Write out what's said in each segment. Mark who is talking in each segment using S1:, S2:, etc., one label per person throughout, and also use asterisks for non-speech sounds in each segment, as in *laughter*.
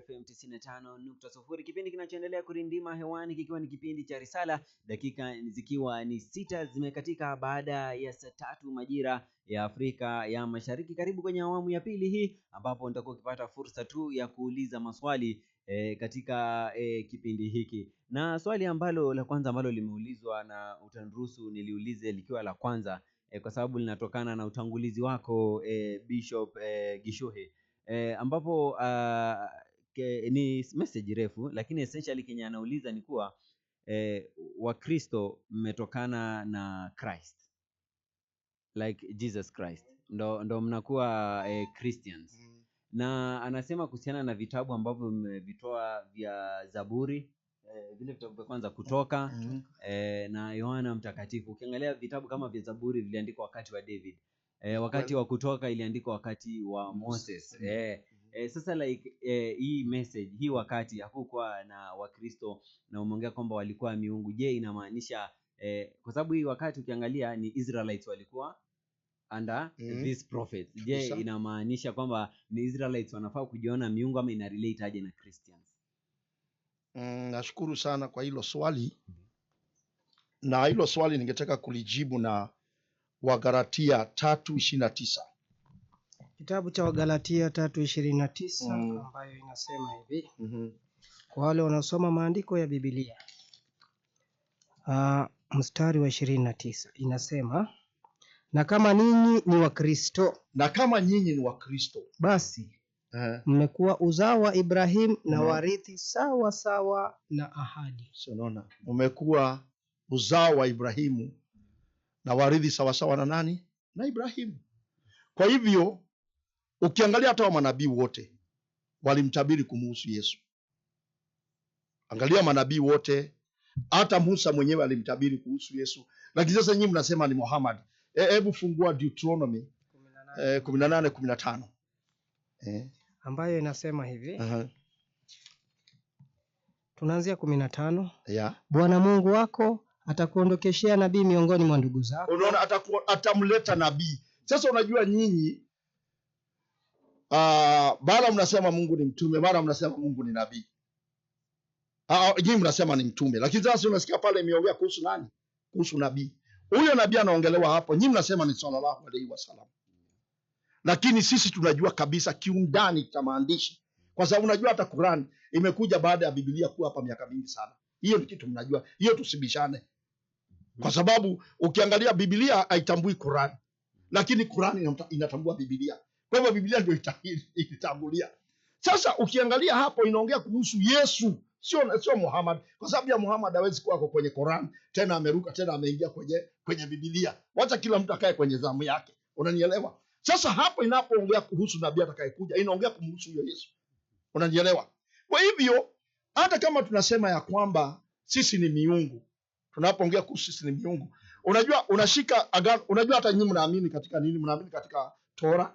S1: FM 95.0, kipindi kinachoendelea kurindima hewani kikiwa ni kipindi cha Risala, dakika zikiwa ni sita zimekatika baada ya saa tatu majira ya Afrika ya Mashariki. Karibu kwenye awamu ya pili hii ambapo nitakuwa ukipata fursa tu ya kuuliza maswali E, katika e, kipindi hiki na swali ambalo la kwanza ambalo limeulizwa na utandrusu niliulize likiwa la kwanza e, kwa sababu linatokana na utangulizi wako e, Bishop e, Gishuhe e, ambapo ah, Eh, ni message refu, lakini essentially kenye anauliza ni kuwa eh, Wakristo mmetokana na Christ like Jesus Christ ndo, ndo mnakuwa eh, Christians mm. Na anasema kuhusiana na vitabu ambavyo mmevitoa vya Zaburi eh, vile vitabu vya kwanza kutoka mm -hmm. eh, na Yohana Mtakatifu. Ukiangalia vitabu kama vya Zaburi viliandikwa wakati wa David eh, wakati wa kutoka iliandikwa wakati wa Moses mm. eh, E, sasa like e, hii message hii wakati hakukuwa na Wakristo na umeongea kwamba walikuwa miungu. Je, inamaanisha e, kwa sababu hii wakati ukiangalia ni Israelites walikuwa under mm. this prophet. Je, inamaanisha kwamba ni Israelites wanafaa kujiona miungu ama ina relate aje na Christians?
S2: Mm, nashukuru sana kwa hilo swali mm -hmm. na hilo swali ningetaka kulijibu na wagaratia tatu ishirini na tisa
S3: Kitabu cha Wagalatia tatu ishirini na tisa mm. ambayo inasema hivi mm -hmm. kwa wale wanaosoma maandiko ya Biblia uh, mstari wa ishirini na tisa inasema na kama ninyi ni Wakristo,
S2: na kama nyinyi ni Wakristo
S3: basi eh, mmekuwa uzao wa Ibrahim na mm. warithi sawa sawa na ahadi.
S2: Unaona, mmekuwa uzao wa Ibrahimu na warithi sawa sawa na nani? Na Ibrahimu. Kwa hivyo Ukiangalia hata manabii wote walimtabiri kumuhusu Yesu. Angalia manabii wote, hata Musa mwenyewe alimtabiri kuhusu Yesu, lakini sasa nyinyi mnasema ni Muhammad. E, hebu e, fungua Deuteronomy 18:15. na nane
S3: eh, eh, ambayo inasema hivi uh -huh. Tunaanzia 15. na yeah. Bwana Mungu wako atakuondokeshea nabii miongoni mwa ndugu zako.
S2: Unaona, atamleta nabii. Sasa unajua nyinyi uh, ah, mara mnasema Mungu ni mtume, mara mnasema Mungu ni nabii, Uh, mnasema ni mtume. Lakini sasa unasikia pale imeongea kuhusu nani? Kuhusu nabii. Huyo nabii anaongelewa hapo, nyinyi mnasema ni sallallahu alaihi wasallam, lakini sisi tunajua kabisa kiundani cha maandishi, kwa sababu unajua hata Qur'an imekuja baada ya Biblia kuwa hapa miaka mingi sana. Hiyo ni kitu mnajua, hiyo tusibishane, kwa sababu ukiangalia Biblia haitambui Qur'an, lakini Qur'an inatambua Biblia. Kwa hivyo Biblia ndio ilitangulia. Sasa ukiangalia hapo inaongea kuhusu Yesu, sio sio Muhammad, kwa sababu ya Muhammad hawezi kuwa kuwako kwenye Quran, tena ameruka tena ameingia kwenye kwenye Biblia. Wacha kila mtu akae kwenye zamu yake, unanielewa? Sasa hapo inapoongea kuhusu nabii atakayekuja, inaongea kumhusu huyo Yesu, unanielewa? Kwa hivyo hata kama tunasema ya kwamba sisi ni miungu, tunapoongea kuhusu sisi ni miungu, unajua unashika agano, unajua hata nyinyi mnaamini katika nini? Mnaamini katika Tora,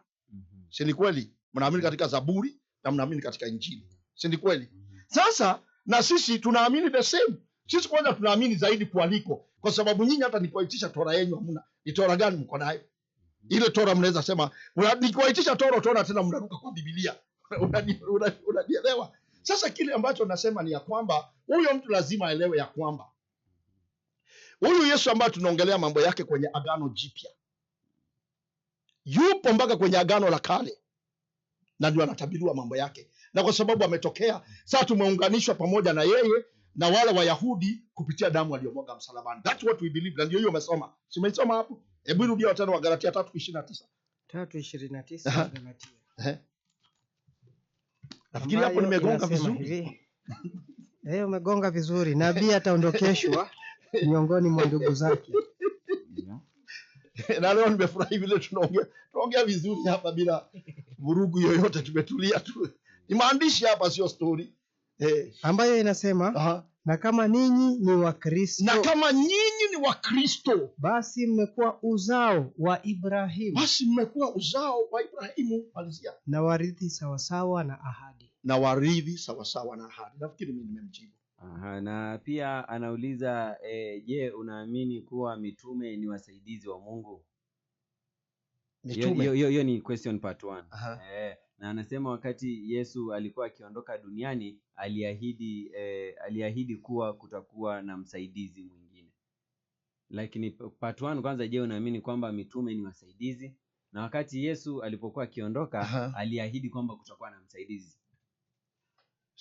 S2: si ni kweli? Mnaamini katika Zaburi na mnaamini katika Injili, si ni kweli? Sasa na sisi tunaamini the same. Sisi kwanza tunaamini zaidi kualiko, kwa sababu nyinyi hata nikiwaitisha tora yenu hamna. Ni tora gani mko nayo? Ile tora mnaweza sema, nikiwaitisha tora tora tena mnaruka kwa Biblia. *laughs* Unanielewa? Sasa kile ambacho nasema ni ya kwamba huyo mtu lazima aelewe ya kwamba huyu Yesu ambaye tunaongelea mambo yake kwenye Agano Jipya yupo mpaka kwenye Agano la Kale na ndio anatabiriwa mambo yake, na kwa sababu ametokea sasa, tumeunganishwa pamoja na yeye na wale Wayahudi kupitia damu aliyomwaga msalabani. That's what we believe, na ndio hiyo umesoma, si hapo? Hebu rudia watano wa Galatia tatu ishirini
S3: na tisa na
S2: Nafikiri hapo nimegonga vizuri.
S3: Eh, umegonga vizuri. Nabii ataondokeshwa *laughs* miongoni mwa ndugu zake.
S2: *laughs* na leo nimefurahi vile tunaongea tunaongea vizuri hapa bila vurugu yoyote, tumetulia tu. Ni maandishi hapa, sio stori eh,
S3: ambayo inasema Aha. na kama ninyi ni Wakristo, na
S2: kama nyinyi ni Wakristo,
S3: basi mmekuwa uzao wa Ibrahimu,
S2: basi mmekuwa uzao wa Ibrahimu
S3: malizia, na warithi sawasawa na ahadi,
S2: na warithi sawasawa na ahadi. Nafikiri mimi nimemjibu
S1: Aha, na pia anauliza e, je, unaamini kuwa mitume ni wasaidizi wa Mungu? Hiyo ni question part one. E, na anasema wakati Yesu alikuwa akiondoka duniani aliahidi, e, aliahidi kuwa kutakuwa na msaidizi mwingine, lakini part one kwanza, je, unaamini kwamba mitume ni wasaidizi? Na wakati Yesu alipokuwa akiondoka aliahidi kwamba kutakuwa na msaidizi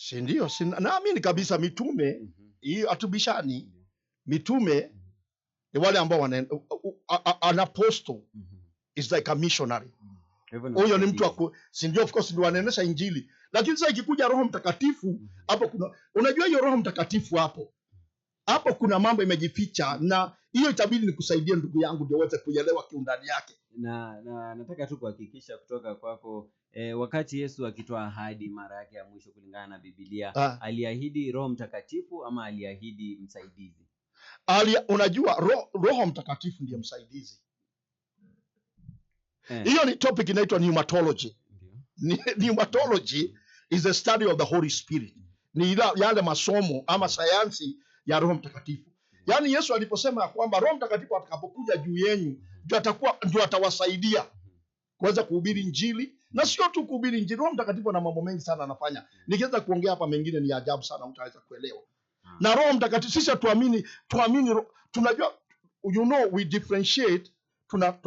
S2: si ndio? Si naamini kabisa mitume mm hiyo -hmm. Hatubishani mm -hmm. Mitume ni wale ambao wana an apostle mm -hmm. is like a missionary mhm. huyo ni mtu wa si ndio? Of course ndio anaenesha Injili, lakini sasa ikikuja Roho Mtakatifu mhm. hapo kuna, unajua hiyo Roho Mtakatifu hapo hapo kuna mambo imejificha, na hiyo itabidi nikusaidie ndugu yangu ndio uweze kuelewa kiundani yake,
S1: na, na nataka tu kuhakikisha kutoka kwako kwa E, wakati Yesu akitoa ahadi mara yake ya mwisho kulingana na Biblia ah, aliahidi Roho Mtakatifu ama aliahidi msaidizi?
S2: Ali, unajua ro, Roho Mtakatifu ndiye msaidizi eh. hiyo eh. Ni topic inaitwa pneumatology. Pneumatology is the study of the Holy Spirit, ni yale masomo ama sayansi ya Roho Mtakatifu. Yaani Yesu aliposema ya kwamba Roho Mtakatifu atakapokuja juu yenyu ndio atakuwa ndio atawasaidia mm-hmm. kuweza kuhubiri njili na sio tu kuhubiri Injili. Roho Mtakatifu ana mambo mengi sana anafanya, nikiweza kuongea hapa mengine ni ajabu sana, utaweza kuelewa. Hmm. Na Roho Mtakatifu sisi tuamini, tuamini, tunajua you know we differentiate, tuna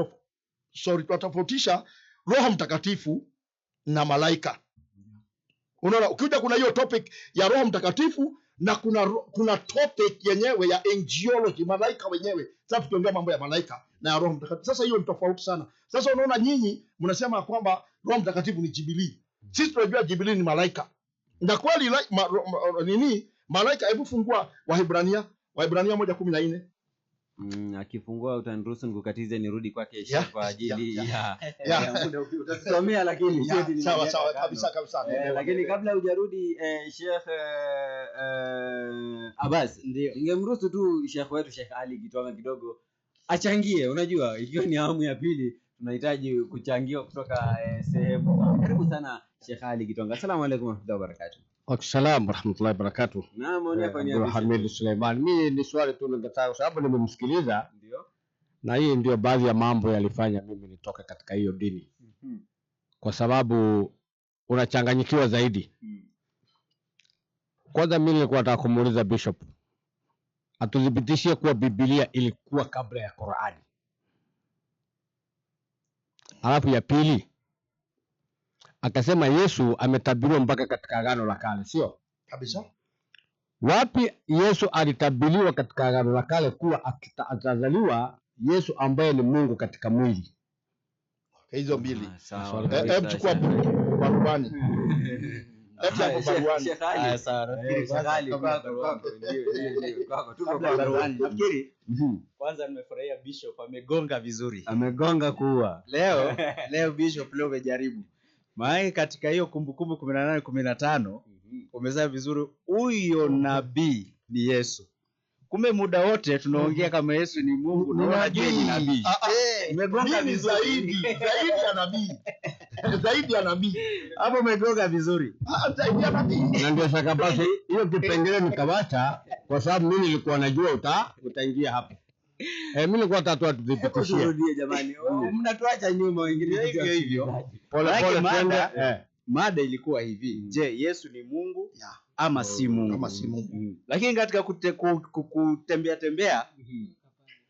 S2: sorry, tunatofautisha Roho Mtakatifu na malaika. Unaona, ukija kuna hiyo topic ya Roho Mtakatifu na kuna, kuna topic yenyewe ya angelology malaika wenyewe. Sasa tukiongea mambo ya malaika na ya Roho Mtakatifu, sasa hiyo ni tofauti sana. Sasa unaona, nyinyi mnasema kwamba Roho Mtakatifu ni Jibilii. Sisi tunajua Jibilii ni malaika na kweli like, ma, ma, nini malaika. Hebu fungua Wahibrania, Wahibrania moja kumi na nne.
S1: Mm, akifungua utaniruhusu nikukatize nirudi kwake Isha yeah, kwa ajili ya yeah, yeah, lakini
S2: sawa sawa kabisa kabisa
S1: eh, lakini kabla hujarudi eh, Sheikh eh, eh, Abbas ndio ningemruhusu tu Sheikh wetu Sheikh Ali kitoa kidogo achangie, unajua ikiwa ni awamu ya pili tunahitaji kuchangiwa kutoka eh, sehemu. Karibu sana Sheikh Ali Kitonga. Asalamu alaykum warahmatullahi wabarakatuh.
S4: Wassalamu warahmatullahi wabarakatuh. Naam, eh, Abdul Hamid Suleiman. Mimi ni swali tu ningetaka kwa sababu nimemsikiliza. Ndio. Na hii ndio baadhi ya mambo yalifanya mimi nitoke katika hiyo dini. Mm -hmm. Kwa sababu unachanganyikiwa zaidi. Mm. Kwanza mimi nilikuwa nataka kumuuliza Bishop atudhibitishie kuwa Biblia ilikuwa kabla ya Qur'ani. Alafu ya pili akasema Yesu ametabiriwa mpaka katika Agano la Kale, sio kabisa? Wapi Yesu alitabiriwa katika Agano la Kale kuwa atazaliwa Yesu ambaye ni Mungu katika mwili?
S1: Hizo mbili,
S2: hebu chukua kwani
S1: nafikiri kwanza nimefurahia bishop amegonga vizuri
S4: amegonga kuwa leo *laughs* leo bishop leo umejaribu maana katika hiyo kumbukumbu kumi na nane kumi na tano mhm. umezaa vizuri huyo mhm. nabii ni yesu kumbe muda wote tunaongea mhm. kama yesu ni mungu
S2: nabii ah, ah. ni vizuri zaidi ya nabii *laughs* *laughs* zaidi ya nabii. Hapo umetoka vizuri,
S4: ah, zaidi ya nabii. Na ndio sasa basi hiyo kipengele nikawacha, kwa sababu mimi nilikuwa najua uta utaingia hapo. Eh, mimi nilikuwa tatu
S1: tupitishie. Jamani, *laughs* oh, mnatuacha nyuma wengine hivyo hivyo. Pole pole twende. Eh. Mada ilikuwa hivi, je, Yesu ni Mungu ama si Mungu? Ama si Mungu. Mm. Lakini katika kutembea tembea mm.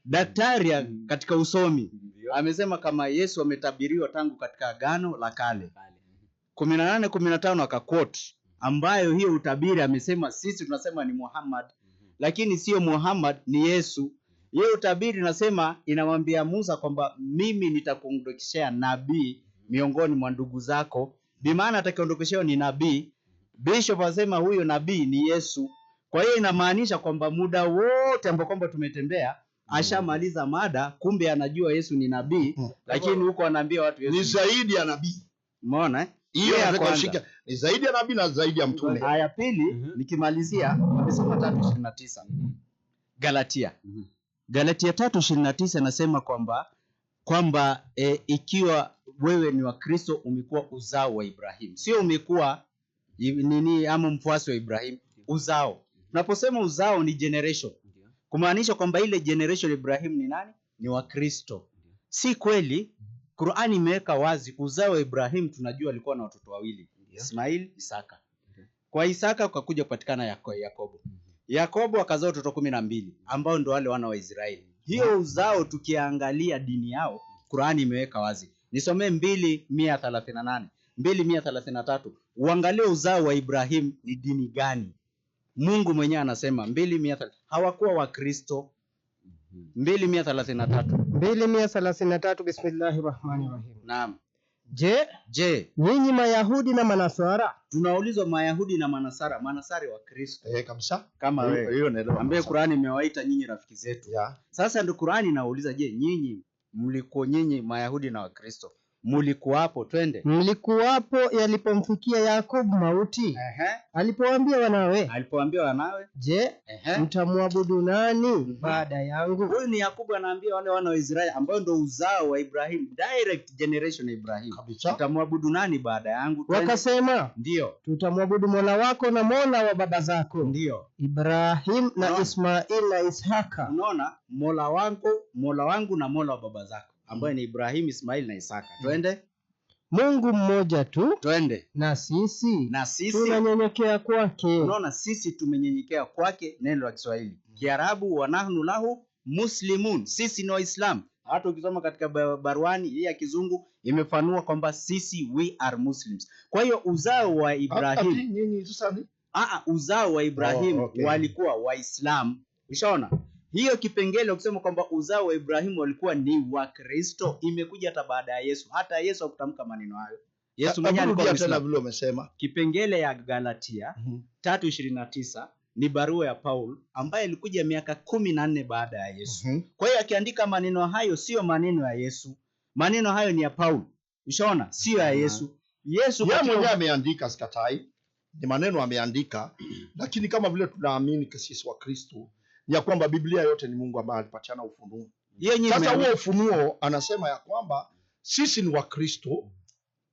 S1: daktari katika usomi mm. Amesema kama Yesu ametabiriwa tangu katika Agano la Kale 18:15 na ambayo hiyo utabiri amesema sisi tunasema ni Muhammad mm -hmm. lakini sio Muhammad, ni Yesu. Hiyo utabiri nasema inamwambia Musa kwamba mimi nitakuondokeshea nabii miongoni mwa ndugu zako, bimaana atakayeondokeshwa ni nabii. Bishop asema huyo nabii ni Yesu. Kwa hiyo inamaanisha kwamba muda wote ambao kwamba tumetembea Mm. ashamaliza mada, kumbe anajua Yesu ni nabii mm. Lakini huko anaambia watu
S2: Yesu ni zaidi ya nabii. Umeona eh? Hiyo nataka ni zaidi ya nabii na zaidi ya mtume.
S1: Aya pili mm -hmm. nikimalizia amesema 3:29. Mhm. Galatia. Mhm. Galatia 3:29 nasema kwamba kwamba e, ikiwa wewe ni wa Kristo umekuwa uzao wa Ibrahimu, sio umekuwa nini ama mfuasi wa Ibrahimu, uzao. Mhm. naposema uzao ni generation kumaanisha kwamba ile generation ya Ibrahim ni nani? Ni Wakristo. Si kweli. Qur'ani imeweka wazi uzao wa Ibrahim tunajua alikuwa na watoto wawili, Ismail, Isaka. Kwa Isaka ukakuja kupatikana Yakobo. Yakobo akazaa watoto kumi na mbili ambao ndio wale wana wa Israeli. Hiyo uzao tukiangalia dini yao Qur'ani imeweka wazi. Nisomee 2:138, mia uangalie uzao wa Ibrahim ni dini gani? Mungu mwenyewe anasema mbili mia hawakuwa Wakristo. mbili mia thelathini na tatu
S3: mbili mia thelathini na tatu Bismillahi rahmani rahim. Naam. Je, je, nyinyi Mayahudi na Manasara?
S1: Tunaulizwa Mayahudi na Manasara, Manasari wa Kristo. Eh, kabisa. Kama wewe ambaye Qur'ani imewaita nyinyi rafiki zetu. Yeah. Sasa ndio Qur'ani inauliza, je, nyinyi mliko nyinyi Mayahudi na Wakristo Mlikuwapo, twende.
S3: Mlikuwapo yalipomfikia Yakobo mauti. alipowambia wanawe.
S1: alipowambia wanawe.
S3: Je, mtamwabudu nani mhm.
S1: baada yangu? Huyu ni Yakobo anaambia wale wana wa Israeli ambao ndo uzao wa Ibrahim, direct generation ya Ibrahim. Mtamwabudu nani baada yangu?
S3: Twende. Wakasema, ndio. Tutamwabudu Mola wako na Mola wa baba zako. Ndio. Ibrahim na Ismail na Ishaka.
S1: Unaona? Mola wangu, Mola wangu na Mola wa baba zako ambaye ni ibrahim ismail na Isaka. Hmm. Twende.
S3: Mungu mmoja tu. Twende. Na sisi na sisi tunanyenyekea kwake.
S1: Unaona, sisi tumenyenyekea kwake, neno la Kiswahili hmm. Kiarabu, nahnu lahu muslimun, sisi ni Waislamu. Hata ukisoma katika baruani hii ya Kizungu imefanua kwamba sisi we are Muslims. Kwa hiyo uzao wa Ibrahim, ah, ah, uzao wa Ibrahim oh, walikuwa Waislamu, ushaona hiyo kipengele kusema kwamba uzao wa Ibrahimu walikuwa ni Wakristo imekuja hata baada ya Yesu. Hata Yesu hakutamka maneno hayo. Yesu
S2: mwenyewe
S1: Kipengele ya Galatia mm -hmm. 3:29 ni barua ya Paul ambaye alikuja miaka kumi na nne baada ya Yesu. mm -hmm. Kwa hiyo akiandika maneno hayo siyo maneno ya Yesu, maneno hayo ni ya Paul. Ushaona, siyo ya mhm. Yesu. Yesu
S2: yeye mwenyewe ameandika, sikatai, ni maneno ameandika, lakini kama vile tunaamini sisi wa Kristo ya kwamba Biblia yote ni Mungu ambaye alipatiana ufunuo. Sasa huo ufunuo anasema ya kwamba sisi ni Wakristo,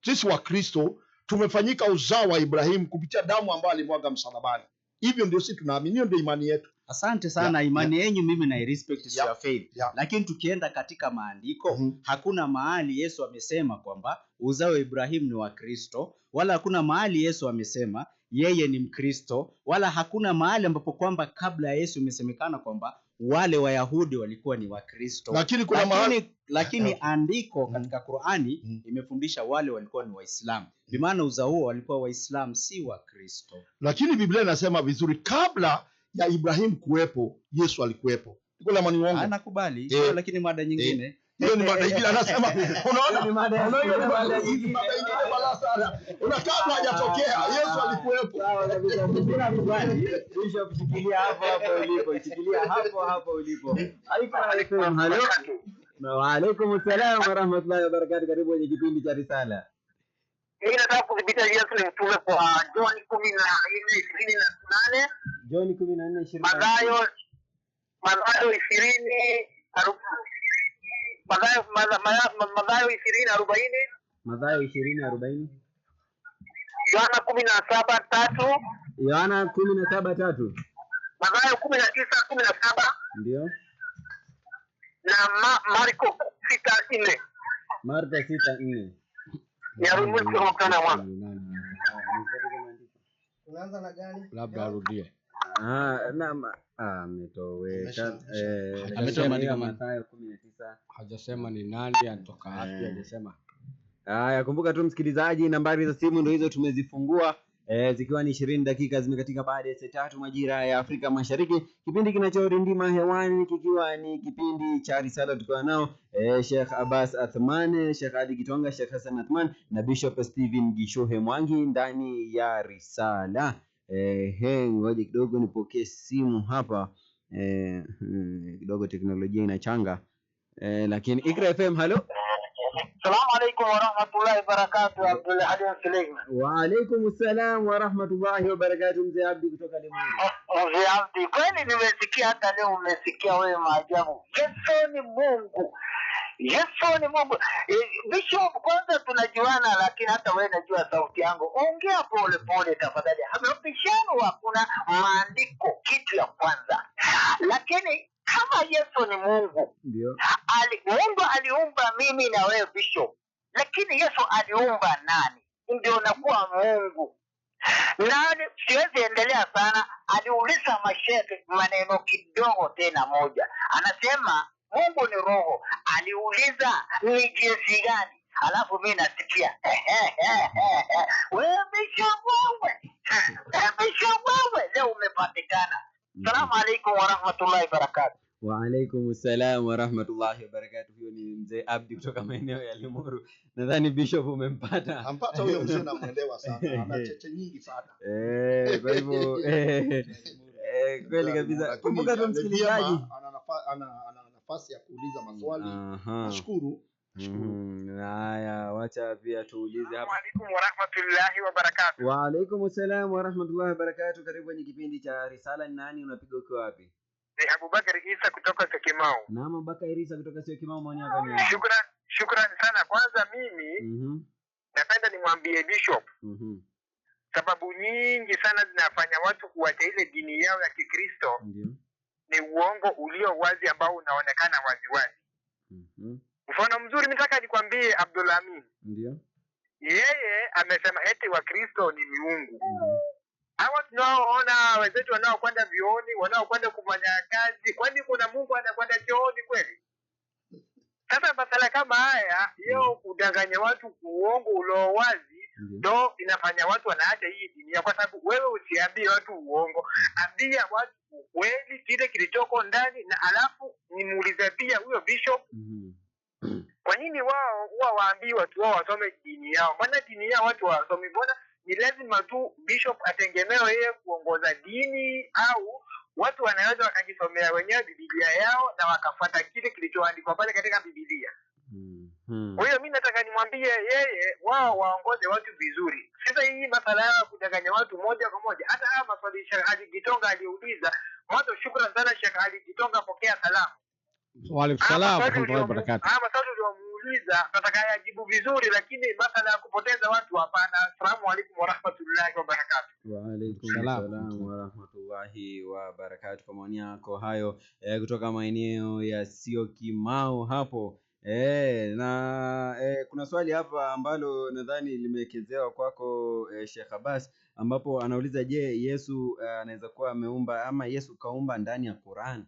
S2: sisi Wakristo tumefanyika uzao wa Ibrahimu kupitia damu ambayo alimwaga msalabani. Hivyo ndio sisi tunaamini, hiyo ndio imani yetu.
S1: Asante sana yeah, imani yenyu yeah. Mimi na respect yeah, your faith yeah. Lakini tukienda katika maandiko mm -hmm. Hakuna mahali Yesu amesema kwamba uzao wa Ibrahimu ni Wakristo, wala hakuna mahali Yesu amesema yeye ni Mkristo, wala hakuna mahali ambapo kwamba kabla ya Yesu imesemekana kwamba wale Wayahudi walikuwa ni Wakristo, lakini kuna mahali lakini eh, eh. andiko mm-hmm. katika Qur'ani mm. imefundisha wale walikuwa ni Waislamu, mm-hmm. bimaana uzao huo walikuwa Waislamu si Wakristo.
S2: Lakini Biblia inasema vizuri, kabla ya Ibrahimu kuwepo Yesu alikuwepo.
S1: Anakubali e. lakini mada nyingine
S2: hiyo ni mada nyingine anasema *laughs* unaona sana. Una kabla hajatokea Yesu alikuwepo.
S1: Na waalaikum salam wa rahmatullahi wa barakatuh. Karibu kwenye kipindi cha risala.
S5: Mimi nataka kudhibitisha Yesu ni mtume kwa ah, John 14:28.
S1: John 14:28.
S5: Mathayo Mathayo 20 Mathayo
S1: Mathayo ishirini arobaini
S5: Yohana kumi na saba tatu
S1: Yohana kumi na saba tatu
S5: Mathayo kumi na tisa kumi na saba ndio na ma, Marko sita nne
S1: Marko sita nne
S2: labda arudie
S1: Mathayo hajasema ni nani anatoka wapi, hajasema Haya, kumbuka tu msikilizaji, nambari za simu ndio hizo tumezifungua e, zikiwa ni ishirini dakika zimekatika baada ya saa tatu majira ya Afrika Mashariki, kipindi kinachorindima hewani kikiwa ni kipindi cha Risala, tukiwa nao e, Sheikh Abbas Athman, Sheikh Ali Kitonga, Sheikh Hassan Athman na Bishop Stephen Gishohe Mwangi ndani ya Risala. Eh, ngoja kidogo nipokee simu hapa eh, kidogo teknolojia inachanga e, lakini Ikra FM, halo
S6: Salamu alaikum warahmatullahi wabarakatu, Abdul Halim Suleiman.
S1: Wa alaikum salam wa wabarakatu, mzee Abdi kutoka Limuru. Oh,
S6: oh, mzee Abdi, kweli nimesikia, hata leo umesikia wewe maajabu. Yesu ni Mungu, Yesu ni Mungu. E, Bishop, kwanza tunajuana, lakini hata wewe najua sauti yangu. Ongea pole pole tafadhali, hamapishano, hakuna maandiko, kitu ya kwanza, lakini kama Yesu ni Mungu yeah. Mungu aliumba mimi na wewe bisho lakini Yesu aliumba nani? Ndio nakuwa Mungu nani. Siwezi endelea sana, aliuliza mashehe maneno kidogo tena moja, anasema Mungu ni roho, aliuliza ni jinsi gani? Alafu mi nasikia wewe Bishop, wewe leo umepatikana Salamu alaikum warahmatullahi wabarakatu.
S1: Waalaikum salam warahmatullahi wabarakatu. Huyo ni mzee Abdi kutoka maeneo ya Limuru. Nadhani Bishop umempata.
S2: Ampata huyo mzee, *laughs* namwelewa sana, ana eh, cheche nyingi sana
S1: eh, kwa hivyo eh, eh, kweli kabisa. Kumbuka tu msikilizaji
S2: ana nafasi ya kuuliza maswali. Nashukuru
S1: Mm, haya, wacha pia tuulize hapa.
S5: Waalaikum warahmatullahi wabarakatuh.
S1: Waalaikum salam warahmatullahi wabarakatuh. Karibu kwenye kipindi cha Risala ni Nani, unapiga uko wapi?
S5: Ni Abubakar Isa kutoka Syokimau.
S1: Naam, Abubakar Isa kutoka Syokimau, maoni yako ni?
S5: Shukran, shukran sana. Kwanza mimi mm -hmm. napenda nimwambie Bishop mm -hmm. sababu nyingi sana zinafanya watu kuacha ile dini yao ya Kikristo mm -hmm. ni uongo ulio wazi ambao unaonekana waziwazi wazi. Mfano mzuri mitaka nikwambie, Abdul Amin ndio yeye amesema eti Wakristo ni miungu. Hawa tunaoona wenzetu wanaokwenda vioni, wanaokwenda kufanya kazi, kwani kuna Mungu anakwenda chooni kweli? Sasa masala kama haya hiyo kudanganya watu uongo ulio wazi ndo mm -hmm. inafanya watu wanaacha hii dini, kwa sababu wewe usiambie watu uongo, ambia watu ukweli, kile kilichoko ndani, na alafu nimuulize pia huyo bishop mm -hmm. Kwa nini wao huwa waambii watu wao wasome dini yao? mana dini yao watu hawasomi? Mbona ni lazima tu bishop atengemewe yeye kuongoza dini au watu wanaweza wakajisomea wenyewe bibilia yao na wakafuata kile kilichoandikwa pale katika bibilia -hmm. kwa hiyo mi nataka nimwambie yeye wao waongoze watu vizuri sasa hii masala yao ya kudanganya watu moja kwa moja hata haya maswali shekh gitonga aliuliza mwanzo shukran sana shekh gitonga pokea salamu
S1: Waalaikum ah, salaam
S5: warahmatullahi wabarakatuh. Ama sasa uliomuuliza ah, nataka yajibu vizuri, lakini masala ya kupoteza watu hapana. Asalamu alaykum warahmatullahi wabarakatuh.
S1: Waalaikum salaam warahmatullahi wabarakatuh. Kwa maoni yako hayo eh, kutoka maeneo ya Syokimau hapo eh, na eh, kuna swali hapa ambalo nadhani limewekezewa kwako eh, Sheikh Abbas ambapo anauliza je, Yesu eh, anaweza kuwa ameumba ama Yesu kaumba ndani ya Qur'an?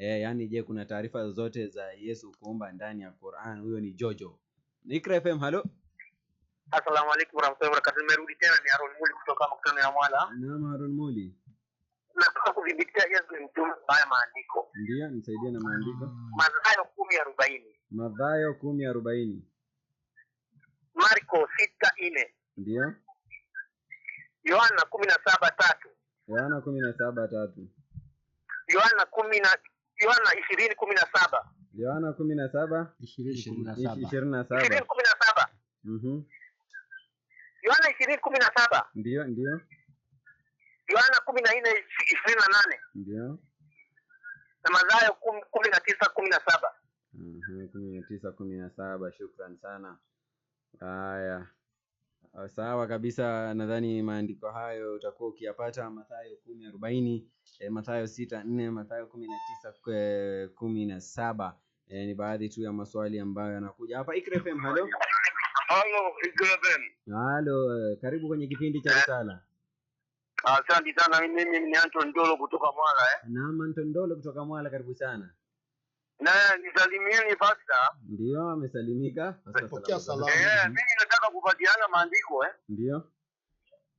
S1: E, eh, yani je, kuna taarifa zozote za Yesu kuumba ndani ya Qur'an? Huyo ni Jojo. Nikra FM, halo.
S7: Asalamu alaykum warahmatullahi wabarakatuh. Nimerudi tena ni Harun Muli kutoka Makutano ya Mwala.
S1: Naam, Harun Muli.
S7: Nataka kudhibitisha Yesu ni mtume haya maandiko.
S1: Ndio, nisaidie na maandiko.
S7: Mathayo 10:40.
S1: Mathayo 10:40.
S7: Marko 6:4. Ndio. Yohana 17:3.
S1: Yohana 17:3.
S7: Yohana 10 Yohana ishirini kumi na saba
S1: Yohana kumi na saba
S3: ishirini na saba
S1: kumi
S7: na saba mhm. Yohana ishirini kumi na saba
S1: ndio ndio
S7: Yohana kumi na nne ishirini na nane ndio na Mathayo kumi na tisa kumi na saba
S1: mhm, kumi na tisa kumi na saba Shukran sana haya. Ah, sawa kabisa, nadhani maandiko hayo utakuwa ukiyapata Mathayo kumi arobaini e, Mathayo sita nne Mathayo kumi na tisa eh, kumi na saba e, ni baadhi tu ya maswali ambayo yanakuja hapa Ikra FM. Halo,
S7: halo Ikra FM,
S1: halo, karibu kwenye kipindi cha Risala.
S7: Asante sana, mimi ni Anton Ndolo kutoka Mwala eh.
S1: Naam, Anton Ndolo kutoka Mwala, karibu sana
S7: na nisalimieni pasta.
S1: Ndio, amesalimika.
S7: Mimi kupatiana maandiko eh? Ndio.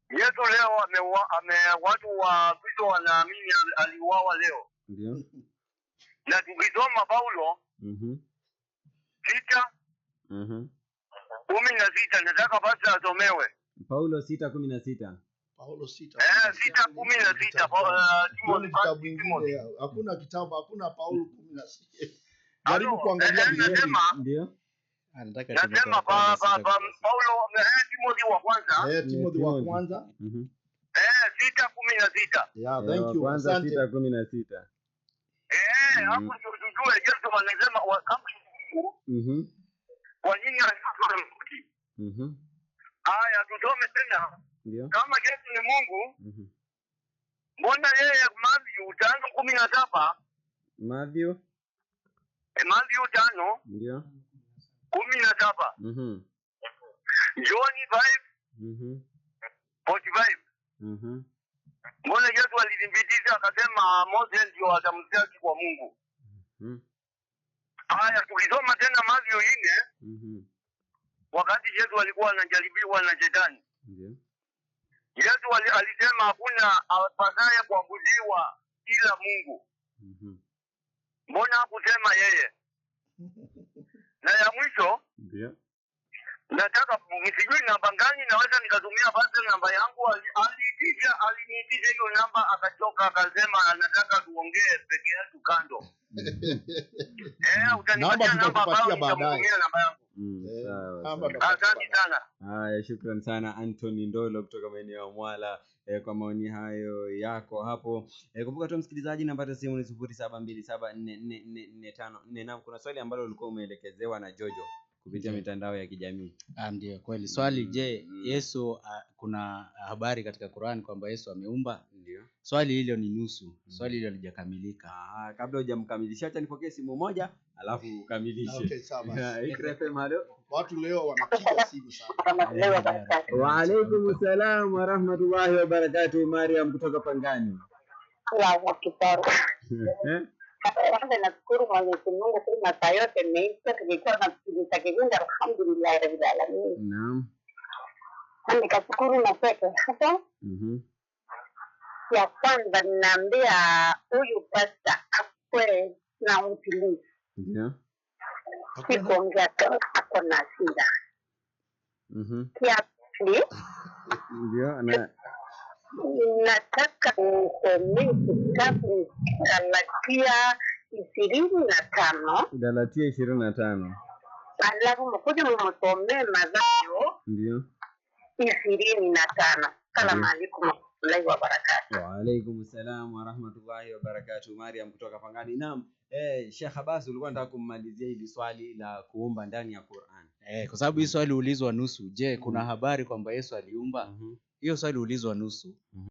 S7: Yesu leo amewa, ame, watu wa Kristo wanaamini aliuawa leo. Ndio. Na tukisoma Paulo mm-hmm. sita mm-hmm. na sita nataka basi asomewe
S1: Paulo sita kumi na sita
S2: Paulo sita
S7: eh, kumi na sita eh,
S2: hakuna kitabu hakuna Paulo kumi na sita
S7: jaribu kuangalia, eh, ndio anataka na Paulo eh, Timotheo wa kwanza
S2: eh, wa kwanza mhm.
S7: eh, sita kumi na sita
S1: yeah, thank eh, you kwanza kumi na sita
S7: mhm. Yesu mhm. kwa nini haya tusome tena kama Yesu ni Mungu mbona yeye Matthew tano kumi na saba Matthew Matthew tano kumi na saba mhm. joni mhm. mhm. Mbona Yesu alithibitisha akasema Mose ndio atamzaki kwa Mungu? Haya, tukisoma tena mavyo ine wakati Yesu alikuwa anajaribiwa na Shetani, Yesu alisema hakuna apasaye kuabudiwa ila Mungu. Mbona akusema yeye? *laughs* na ya mwisho ndio nataka sijui namba ngani naweza nikatumia basi namba yangu. Aliitisha aliniitisha hiyo namba, akachoka akasema anataka tuongee peke yetu kando. *laughs* Eh, utanipatia namba ambayo nitatumia namba yangu. Mm, Asante sana.
S1: Haya, shukrani sana Anthony Ndolo kutoka maeneo ya Mwala e, kwa maoni hayo yako hapo e, kumbuka tu msikilizaji nambata simu ni sufuri saba mbili saba nne nne nne nne tano nne na kuna swali ambalo ulikuwa umeelekezewa na Jojo kupitia mitandao ya kijamii ah, ndio kweli swali mm, je mm. Yesu a, ah, kuna habari katika Qur'an kwamba Yesu ameumba ndio swali hilo ni nusu mm. swali hilo halijakamilika kabla hujamkamilisha acha nipokee simu moja alafu ukamilishe okay, *laughs*
S2: Watu leo wanapiga simu sana.
S1: Wa alaikum salam wa rahmatullahi wa barakatuh. Mariam kutoka Pangani.
S8: Eh? Kwanza nashukuru Mwenyezi Mungu kwa saa yote nimeisha tulikuwa na kujita cha kivunja, alhamdulillahi rabbil alamin. Naam, nikashukuru na kweke sasa. Mhm. Ya kwanza ninaambia huyu pasta akwe na utulivu si kuongea tu ako na hasira mm mm-hmm.
S1: ndio na
S8: nataka nisomee kitabu Galatia ishirini na tano
S1: Galatia ishirini na tano
S8: alafu mkuja mumsomee Mathayo ndio ishirini na tano kala maaliku warahmatullahi wabarakatu
S1: Waalaikum salam warahmatullahi wabarakatuh. Mariam kutoka Pangani. Naam. Eh, Sheikh Abbas ulikuwa nataka kummalizia hili swali la kuumba ndani ya Qur'an. Eh, kwa sababu hii swali ulizwa nusu. Je, kuna mhm. habari kwamba Yesu aliumba? Mhm. Hiyo mm -hmm. swali ulizwa nusu. Mm -hmm.